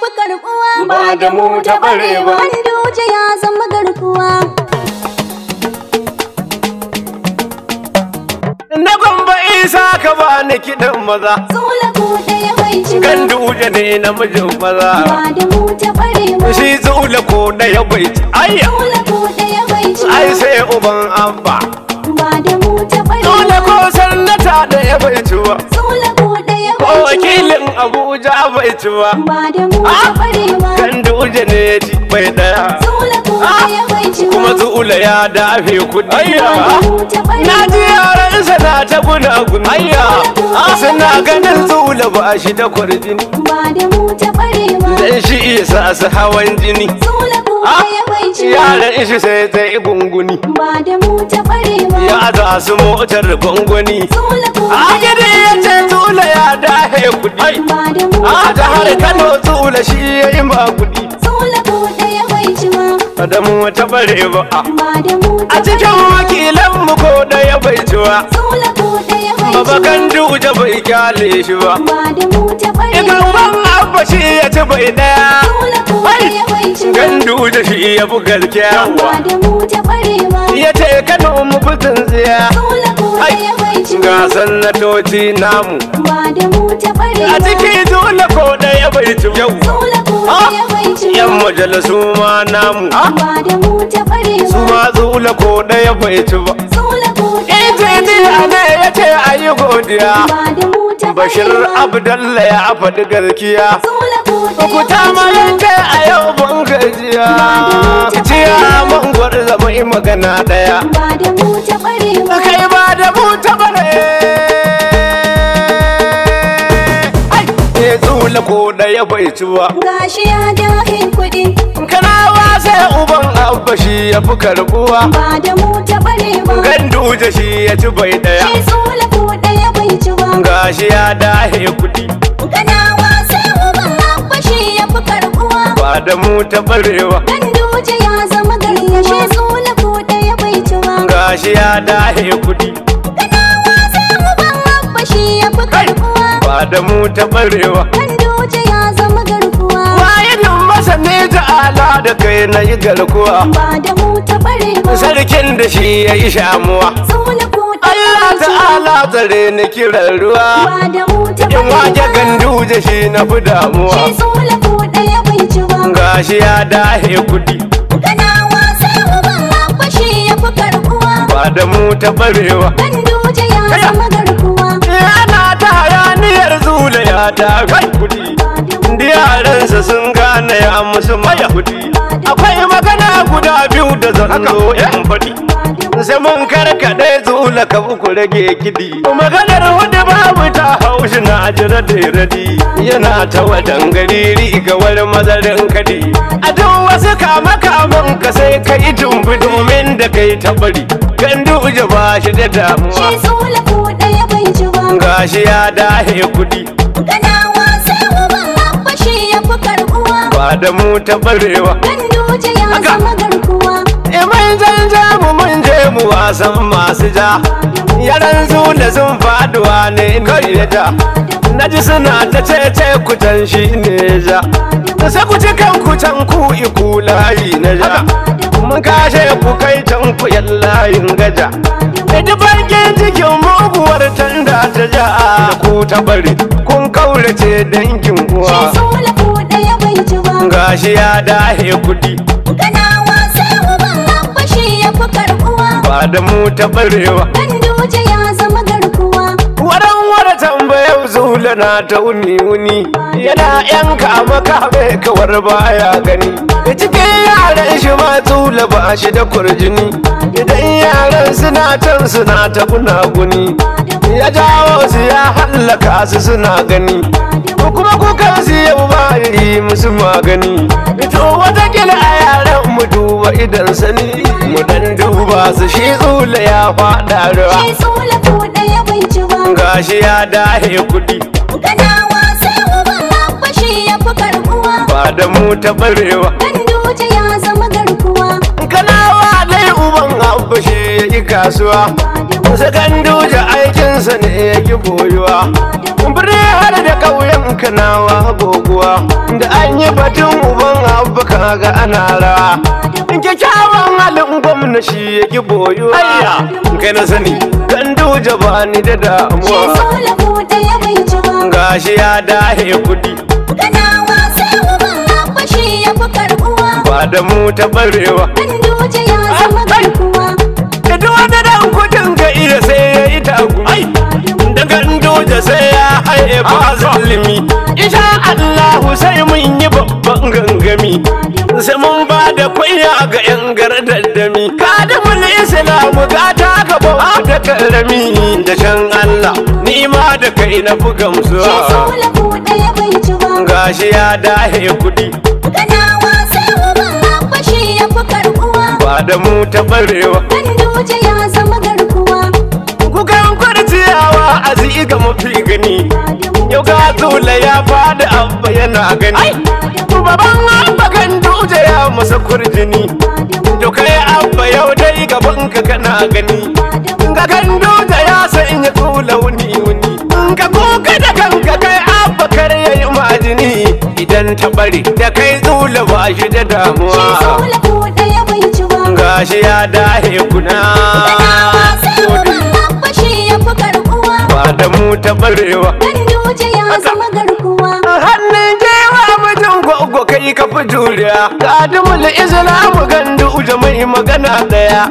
tafi karbuwa ba da mu ta barewa an duje ya zama garkuwa na gomba isa ka ba ni kiɗan maza zula da ya bai ci duje ne namijin maza ba da mu ta barewa shi zula da ya bai ci ayya zula da ya bai ci ai sai uban amba ba da mu ta bare dole ko sannata da ya bai ci ba zula bai ci ba ah! kan duje ne ya ci bai daya ah! zula kuma ya ya dafe kuɗi ba na ji yaran sa na ta guna guna ah! suna ganin zula ba shi da kwarjini ba da dan shi isa su hawan jini zula yaran shi sai ta yi gunguni ya za su motar gunguni A kuma kuɗi a jihar Kano tsula shi ya yi ba kuɗi tsula da mu wata bare ba a cikin wakilan mu ko ya bai ci ba ba kan duje bai kyale shi ba idan ban abba shi ya ci bai ɗaya kan duje shi ya bugal kyawa ya ce Kano mu fitin tsiya ga sanatoci namu ba da mu ta bari a ciki zula ko ya bai ci yau ah, yan majalisu ma namu ba da mu ta bari su ma zula ko bai ci ba ejiji eh, a ne ya ce a yi godiya bashir abdalla ya faɗi garkiya Kuta ma yanke a yau ban gajiya Ciya man zama yi magana ɗaya Ba da mu ta bari ba mu ta bare ai ke zula ko ya bai ci ba gashi ya dahin kudi kanawa sai uban abba shi ya fi karbuwa ba da mu ta bare ba gandu da shi ya ci bai daya ke zula ko ya bai ci ba gashi ya dahe kudi kanawa sai uban abba shi ya fi karbuwa ba da mu ta bare ba gandu ya zama gari ya shi zula ko ya bai ci ba gashi ya dahe kudi da mu ta barewa kan doce ya zama garkuwa wayidin masa ne ta'ala da kai na yi garkuwa ba da mu ta barewa sarkin da shi ya yi shamuwa Allah ta'ala tsare ni kiran ruwa in wake ganduje shi na fi damuwa shi tsula ko ɗaya bai ci ba gashi ya dahe kudi da mu ta barewa. Kan doje ya zama garkuwa. Yana ta ya zula ya ta kai kudi diyaransa sun gane ya musu maya kudi akwai magana guda biyu da zan zo yan faɗi sai mun karkaɗe zula ka uku rage gidi maganar hudu babu ta haushi na jira da radi yana ta wajen gariri ga mazarin kadi a duk wasu kama kaman ka sai ka yi tumbi domin da kai ta Gandu gandu ba shi da damuwa gashi ya dahe kudi ganawa sai uban abba shi ya fi karbuwa ba da mu ta barewa ganduje ya zama garkuwa e mun janja mu mun je mu wasan masu ja yaran zu da sun faduwa ne kai ya ja na ji suna ta cece can shi ne ja sai ku ci kan ku can ku iku layi na ja mun kashe ku kai can ku yan layin gaja da dubarkin jikin mu ta ja da ku ta bari kun kaurace dangin uwa gashi ya dahe kudi kana wasa wa ban shi ya fi karbuwa ba da mu ta barewa dan ya zama garba hula na ta wuni wuni yana yanka maka bai kawar baya gani da cikin yaran shi ma tula ba shi da kurjini idan yaran suna can suna ta guna guni ya jawo su ya hallaka su suna gani kuma kuma kukan siya ba yi musu magani to watakila a yaran mu duba idan sani mu dan duba su shi tsula ya faɗa ruwa shi tsula ko ya binci ba gashi ya dahe kuɗi kana wasa uba abba shi ya fi karkuwa ba da mu ta barewa ganduje ya zama garkuwa kana wa dai uban abba shi ya yi kasuwa sakan doja aikinsa ne ya ki koyuwa kumbure har da ƙauyen kanawa goguwa da an yi batun uban abu ga ana rawa kyakkyawan halin gwamna shi ya ki boyo ayya kai na sani dan duje ba ni da damuwa gashi ya dahe kudi kanawa sai uban abashi shi ya fi karbuwa ba da mu ta barewa dan duje ya da sai ya haye ba ah, zalimi insha Allah sai mun yi babban gangami sai mun ba da kunya ga yan gardaddami kadimul islam islamu ga bawa da karami da shan Allah ni ma da kai na fi gamsuwa gashi ya dahe kudi ganawa sai ba shi ya fi karbuwa ba da mu ta barewa mutu gani yau ga zula ya fada abba yana gani baban abba kan duje ya masa kurjini to kai abba yau dai gaban ka kana gani ga kan duje ya san ya kula wuni wuni ka kuka da kanka kai abba kar yayi majini idan ta bari da kai zula ba shi da damuwa gashi ya dahe kuna ba da mu ta barewa ya zama garkuwa Hannun jewa mutum gwaggo kai ka fi juriya Kadimul Islamu Ganduje mai magana daya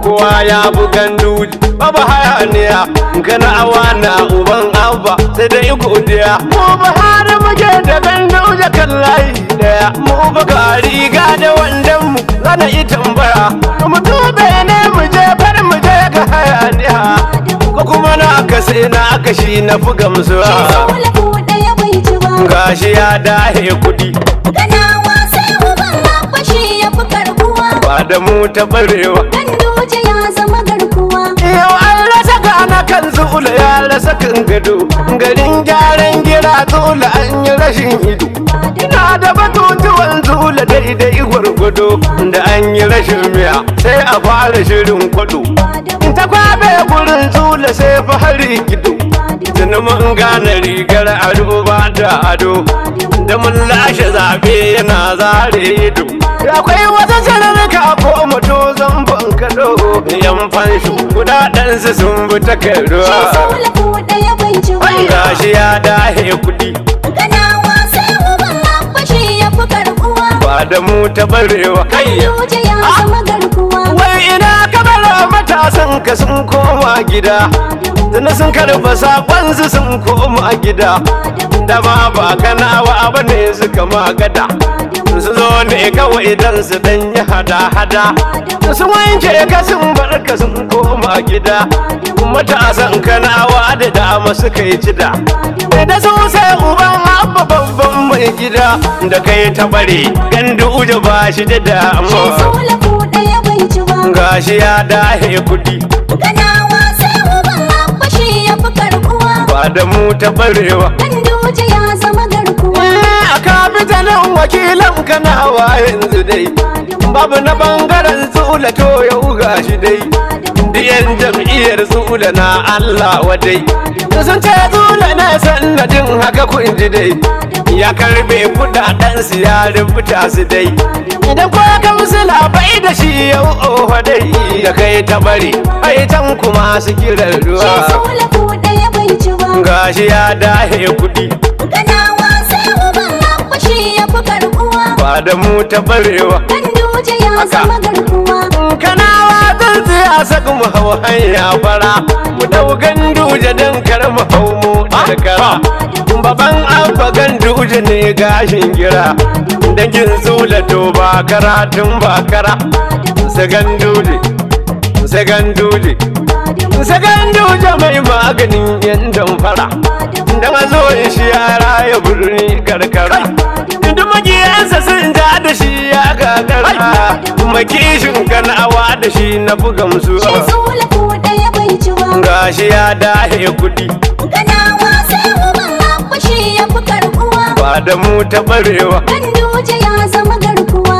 Kowa ya bu Ganduje Baba hayaniya Gana awana uban abba sai da godiya Mu Buhari muke da Ganduje kan layi daya Mu buga riga da wandan mu lana yi tambaya Mu dube ne kashi na fi gamsuwa gashi ya dahe kudi ganawa sai uban abba shi ya fi karbuwa ba da mu ta barewa ganduje ya zama garkuwa yau an rasa gana kan Zula, ya rasa kan gado garin gyaran gira Zula an yi rashin ido ina da batutuwan Zula daidai gwargwado da an yi rashin miya sai a fara shirin kwado ta kwabe gurin zula sai fi hari gido tuni mun gane rigar ado ba da ado da mun lashe zafi yana zare ido akwai wata sanar ka ko mutu zan kado yan guda dan su sun bi ta kai Ga shi ya dahe kudi ganawa sai ba bashi ya fi karkuwa ba da mu ta barewa kai ya zama garkuwa wai ina kamar matasan ka sun koma gida tuni sun karfa sakon su sun koma gida da ma ba ganawa ba ne suka magada su zo ne kawai idan su dan yi hada-hada su wanke ka sun barka sun koma gida matasan kanawa da dama suka yi cida da sai uban abba babban mai gida da kai ta bare gandu uja ba shi da damuwa gashi ya dahe kudi shi ya fi karkuwa ba da mu ta barewa dan ya zama garkuwa eh, a kafitanin wakilan kanawa yanzu dai babu na bangaren su to ya uga shi dai diyan jam'iyyar su dole na Allah wadai da sun ce dole na sanadin haka ku inji dai ya karbe dan su ya rubuta su dai idan ko kamsila bai da shi yau oho dai da kai ta bari ai can kuma su kiran ruwa gashi ya dahe kudi kana wasa uban abba shi ya fi karkuwa ba da mu ta barewa kan duje ya zama garkuwa kanawa rantsi a saka mu hau hanya fara mu dau ganduje don kar mu hau mu kara baban abba je ne gashin gira dangin zula to ba karatun ba kara sai gandu je ganduje gandu je mai maganin yan damfara da mazo shi yara ya burni karkara duk magiyansa sun ja da shi ya gagara makishin kana da shi na buga musu ba. shi zula ko ɗaya bai ci ba gashi ya dahe kuɗi kana wasa mu ba shi ya fi karkuwa ba da mu ta barewa kan duje ya zama garkuwa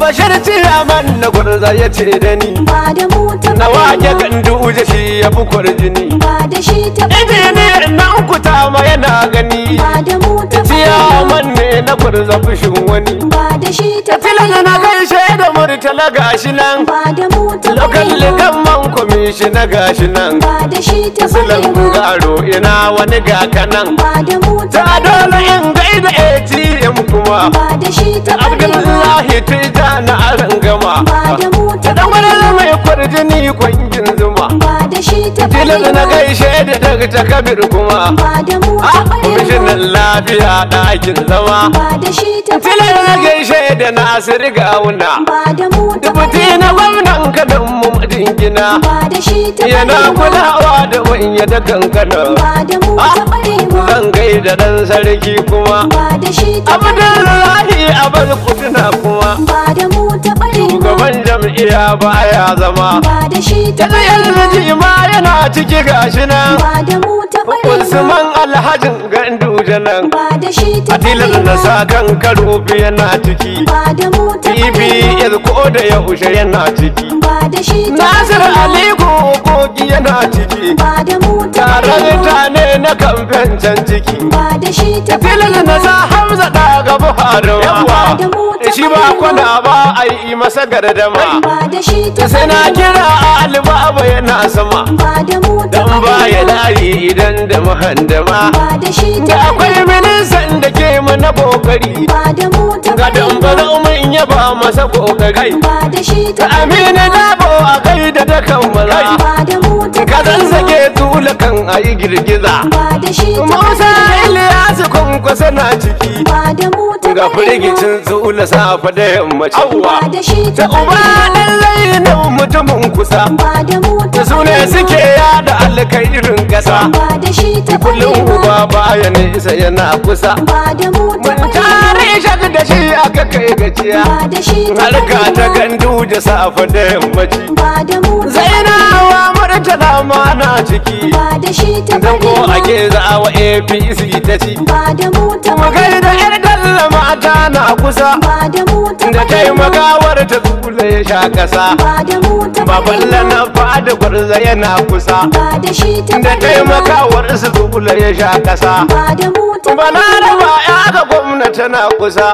bashir ciyaman na gwarza ya ce da ni ba da mu ta na wake kan duje shi ya fi kwarjini ba da shi ta ne na uku ta ma yana gani ba da mu ta ciyaman ne na farza fushin wani ba da shi ta filin na gaishe da murtala gashi nan ba da mu ta da kan man na gashi nan ba da shi ta silan garo ina wani ga nan ba da mu ta dole in gaida ATM kuma ba da shi ta Abdullahi tijana arangama ba da mu ta dan wani mai kwarjini kwan shi ta bari na gaishe da daga ta kabir kuma ba da mu ta bari ba lafiya ɗakin zama ba da shi ta bari na gaishe da Nasiru gauna ba da mu ta bari na gwamnan kadan mu madingina ba da shi ta bari yana kulawa da wanya da kankana ba da mu ta ah, bari ba zan gaida dan sarki kuma ba da shi ta bari abdullahi kuduna kuma ba da mu ta shugaban jam'iyya baya zama ba da shi ma yana ciki gashi nan ba Usman Alhajin gandu nan ba na sa kan karo yana ciki ba yanzu e ko da yaushe yana ciki ba Nasir Aliko koki yana ciki tarata da na kamfen can ciki A da na sa Hamza da Buhari ba shi ba kwana ba a yi masa gardama sai kira alba ba yana sama dan ba ya layi idan da muhandama. da akwai ministan da ke mana kokari ga dan ba yaba masa kokari ta amina jabo a kai da ta kammala ka zan sake tula kan a yi girgiza musa iliyasu kwankwasa na ciki ga firgicin zuula safa da yammaci abuwa da uba lallai na mutumin kusa da su ne suke yada alkai irin ƙasa kullum uba baya nisa yana kusa mun tare shaka da shi aka kai gaciya harka ta gandu da safa da yammaci zainawa murtala ma na ciki dan ko ake za wa apc ta ci na a kusa da ta yi magawar ta kula ya sha kasa balla na fada gwarza yana kusa da ta yi magawar su kula ya sha kasa bana raba ya ga gwamnati na kusa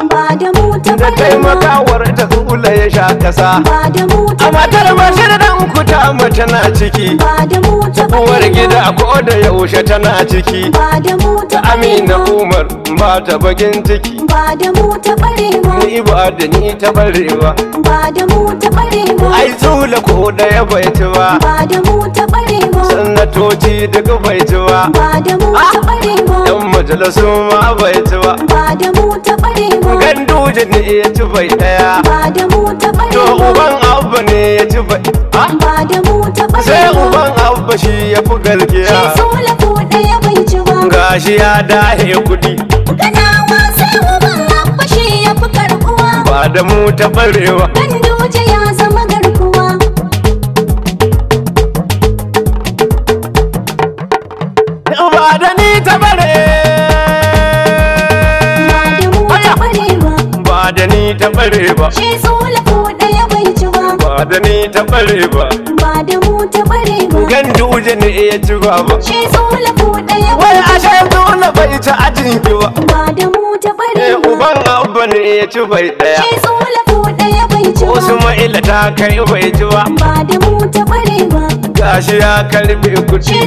da ta yi magawar ta kula ya sha kasa a matar dan kuta mace na ciki uwar gida ko da yaushe tana ciki amina umar ba ta bagin ciki da mu ta barewa ni ba da ni ta barewa ba da mu ta barewa ai zula ko da ya baiti ba ba da mu ta barewa sannatoci daga baiti ba ba da mu ta barewa dan majalisu ma baiti ba ba da mu ta barewa gandu da ya ci bai daya ba da mu ta barewa to uban abba ne ya ci bai ah! ba da mu ta barewa sai uban abu shi ya fi galgiya shi zula ko da ya bai ci ba gashi ya dahe kudi kana ba da mu ta barewa Ganduje ya zama garkuwa Ba da ni ta bare. Ba da ni ta barewa Shi tsula ko ya bai ci ba Ba da ni ta barewa Ba da mu ta barewa Ganduje ne ya ci ba Shi tsula ko ya bai ci wai a ashe tsula bai ci ajin ki ba ne ya ci bai daya Wasu ma'ila ta kai bai ci ba ba da mu ta bare ba gashi ya karbe kuɗi Ke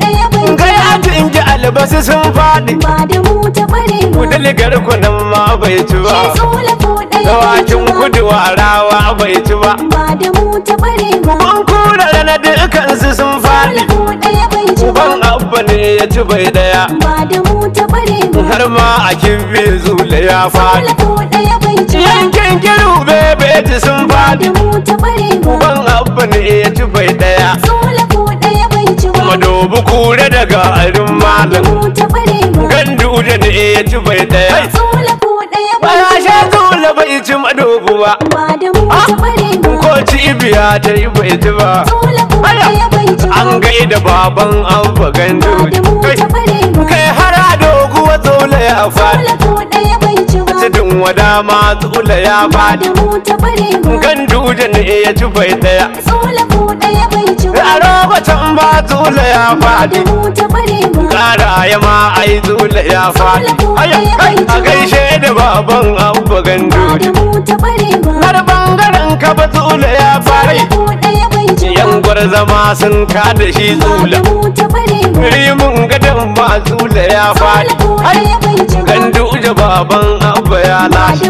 daya bai ci kai aji in ji albasu sun faɗi ba da mu ta bare ba kudali garkunan ma bai ci ba Ke daya bai ci ba. dawakin kudu rawa bai ci ba ba da mu ta bare ba kun kura rana su sun faɗi Baban abba ne ya ci bai daya Ba da mu ta bare mu Har ma a kibbe zule ya faɗi ko daya bai ci Yankin kiru bebe ti sun faɗi Ba da mu ta bare mu Baban abba ne ya ci bai daya Zule ko daya bai ci ba Madobu kure daga arin malam Ba da mu ta bare mu Gandu da ne ya ci bai daya Zule ko daya bai ci Ba ya sha zule bai ci madobu ba Ba da mu ah! ta bare mu cibiya ta yi bai ji ba an gaida baban abu abba gandu kai hara doguwa tsola ya faɗi tudun wada ma tsola ya faɗi gandu da ne ya ci bai daya a lokacin ba tsola ya faɗi ƙara ya ma ai tsola ya faɗi a gaishe da baban abu abba gandu ga batula ya fare yan zama sun ka da shi zula rimin gadon ba zula ya fare kan duje baban abba ya lashe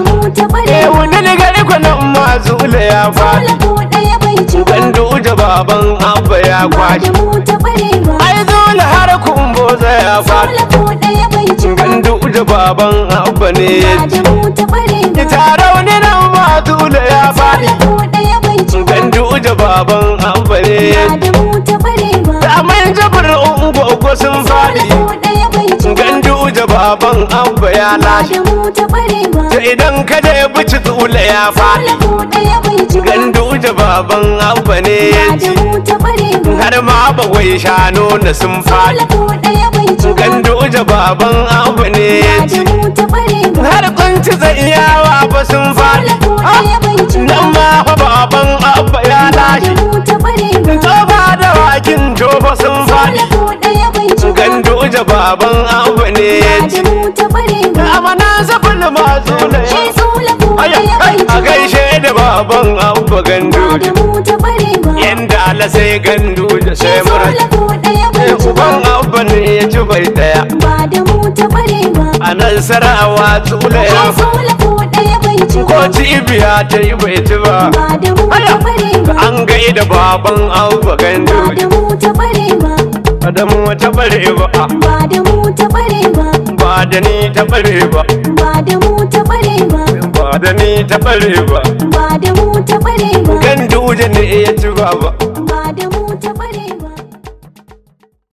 eh wani ne gari kwanan ma zula ya fare kan duje baban abba ya kwashe ai zula har kumbo zai ya fare kan duje baban abba ne ya ci batula ya bani ganduja baban amfare da mai jabar ko sun fadi ganduja baban abba ya lashi ta idan kada ya bici tula ya fadi ganduja baban abba ne har ma bakwai shanu na sun faɗi gandoja baban abu ne har kunci iyawa ba sun faɗi nan ma fa baban abu ya lashe tofa da wakin tofa sun faɗi gandoja baban abu ne amana zafin masu da a gaishe da baban abu gandoja yanda ala sai gandu da shemur ke uban abba ne ya ci bai daya ba da mu ta bare ba a nan sarawa tsula ya ko ci ibiya ta yi bai ci ba ba da mu ta bare ba an gaida baban abba gandu ba da mu ta bare ba ba da mu ta bare ba ba da mu ta bare ba ba da ni ta bare ba ba da mu ta bare ba ba da ni ta bare ba ba da mu ta bare ba kan duje ne ya ci ba ba ba da mu ta bare